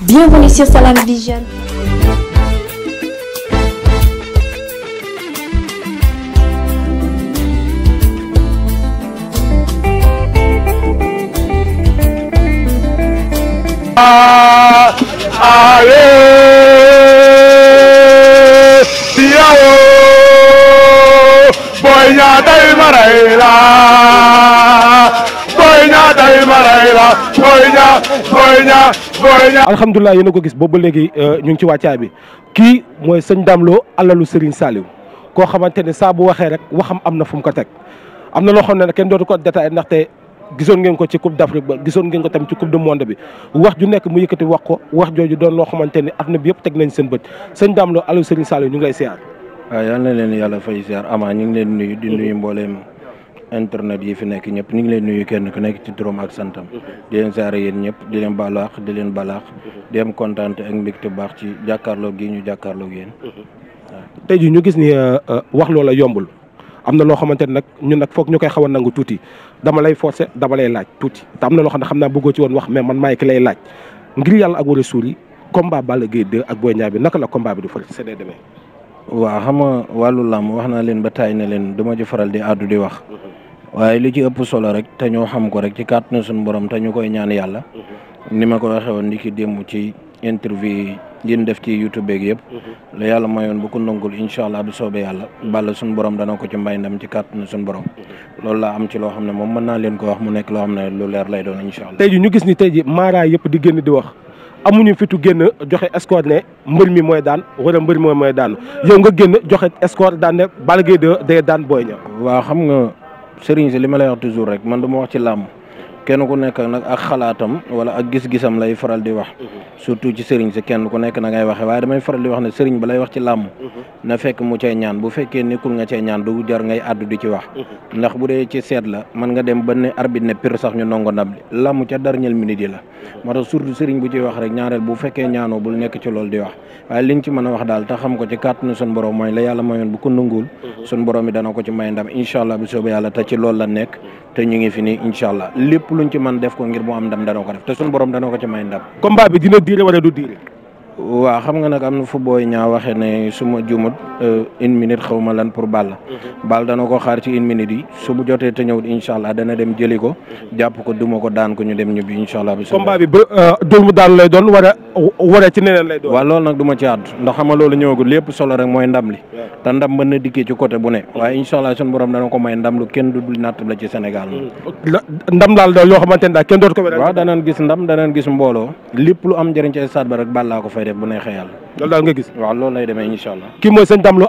Bienvenue sur Salam Vision. Ah, allez, ñaa day yéen ko gis boobu ba léegi euh, ñu ngi ci wàccaay bi kii mooy sëñ Damlo alalu Serigne Saliou koo xamante ne saa bu waxee rek waxam am na fu mu ko teg am na loo xam ne nag kenn dootu ko détaillé ndaxte gisoon ngeen ko ci coupe d'Afrique ba gisoon ngeen ko tamit ci coupe du monde bi wax ju nekk mu yëkkati wax ko wax jooju doon loo xamante ne adduna bi yëpp teg nañ seen bët sëñ Damlo alalu Serigne Saliou ñu ngay lay siyaar waaw yàlla na leen yàlla fay ziar ama ñu ngi leen nuyu di nuyu mbooleem internet yi fi nekk ñëpp ñu ngi leen nuyu kenn ku nekk ci turam ak santam di leen ziar yéen ñëpp di leen balaax di leen balaax di am kontaan ak mbégte baax ci jàkkaarloo gi ñu jàkkaarloo yéen waaw tey ji ñu gis ni euh, euh, wax loola yombul am na loo xamante ne nag ñun nag foog ñu koy xaw a nangu tuuti dama lay forcé dama lay laaj tuuti te am na loo xam ne xam naa bëggoo ci woon wax mais man may ki lay laaj ngir yàlla ak wala suul yi ak Boy Niang bi naka la combat bi du fa see demee waaw xam nga wàllu làmb wax naa leen ba taay na leen du ma faral di àddu di wax waaye li ci ëpp solo rek te ñoo xam ko rek ci kàttanu suñu borom te ñu koy ñaan yàlla ni ma ko waxee woon ni ki démb ci interview yi ñu def ci YouTube beeg yëpp la yàlla mayoon bu ko nangul incha allah bu soobee yàlla bàll suñu borom dana ko ci mbay ndam ci kàttanu suñu borom loolu laa am ci loo xam ne moom mën naa leen ko wax mu nekk loo xam ne lu leer lay doon incha allah. tey ji ñu gis ni tey ji yëpp di génn di wax. amuñu fitu génn joxe score ne mbër mi mooy daan wala mbër mi mooy daan yow nga génn joxe score daan ne Balla Gaye 2 daan booy Niang. waaw xam nga sëriñ si li ma lay wax toujours rek man du ma wax ci làmb kenn ku nekk nag ak xalaatam wala ak gis-gisam lay faral di wax. Mhm. surtout ci sëriñ kenn ku nekk na ngay waxe waaye damay faral di wax ne sëriñ ba lay wax ci làmb. Mhm. na fekk mu cay ñaan bu fekkee nekkul nga cay ñaan du jar ngay àddu di ci wax. Mhm. ndax bu dee ci seet la mën nga dem ba ne arbitre ne pire sax ñu nongo ndam li làmb ca dernière minute yi la. moo tax surtout sëriñ bu ciy wax rek ñaareel bul nekk ci loolu di wax waaye liñ ci mën wax daal te xam ko ci kàttanu sun borom mooy la yàlla bu ko mhm. sun borom bi dana ko ci may ndam incha allah bu soobee yàlla te ci loolu la nekk te ñu ngi fi nii incha allah lépp luñ ci mën def ko ngir mu am ndam dana ko def te sun borom dana ko ci may ndam combat bi dina diire wala du diire waaw xam nga nag am na fu booy ñaa waxee ne su jumut Euh, une minute xaw ma lan pour la mhm. Balla dana ko xaar ci une minute yi su bu jotee te ñëwut incha allah dana dem jëli ko. Mhm. jàpp ko duma ko daan ko ñu dem ñibbi incha allah. combat bi euh, dóor mu daan lay doon wala wala ci neneen lay doon. waaw loolu nag du ma ci àddu ndax xam nga loolu ñëwagul lépp solo rek mooy ndam li. te ndam mën na dikkee ci côté bu ne. Mhm. waaye incha allah suñu borom dana ko may ndam lu kenn du dul natt la ci Sénégal. ndam laal daal yoo xamante ne daal kenn dootu ko. waaw danañ gis ndam danañ gis mbooloo lépp lu am njëriñ ci stade ba rek Balla ko fay def yàlla loolu daal nga gis. waaw loolu lay demee incha allah. kii mooy sëñ Dame Lo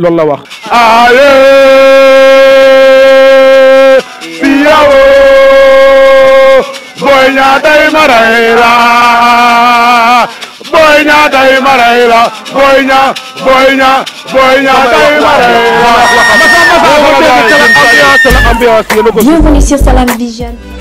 loolu la wax ale piyawo boy ñaa day marayra boy ñaa day marayra boy ñaa boy ñaa boy ñaa day marayra Bienvenue sur Salam Vision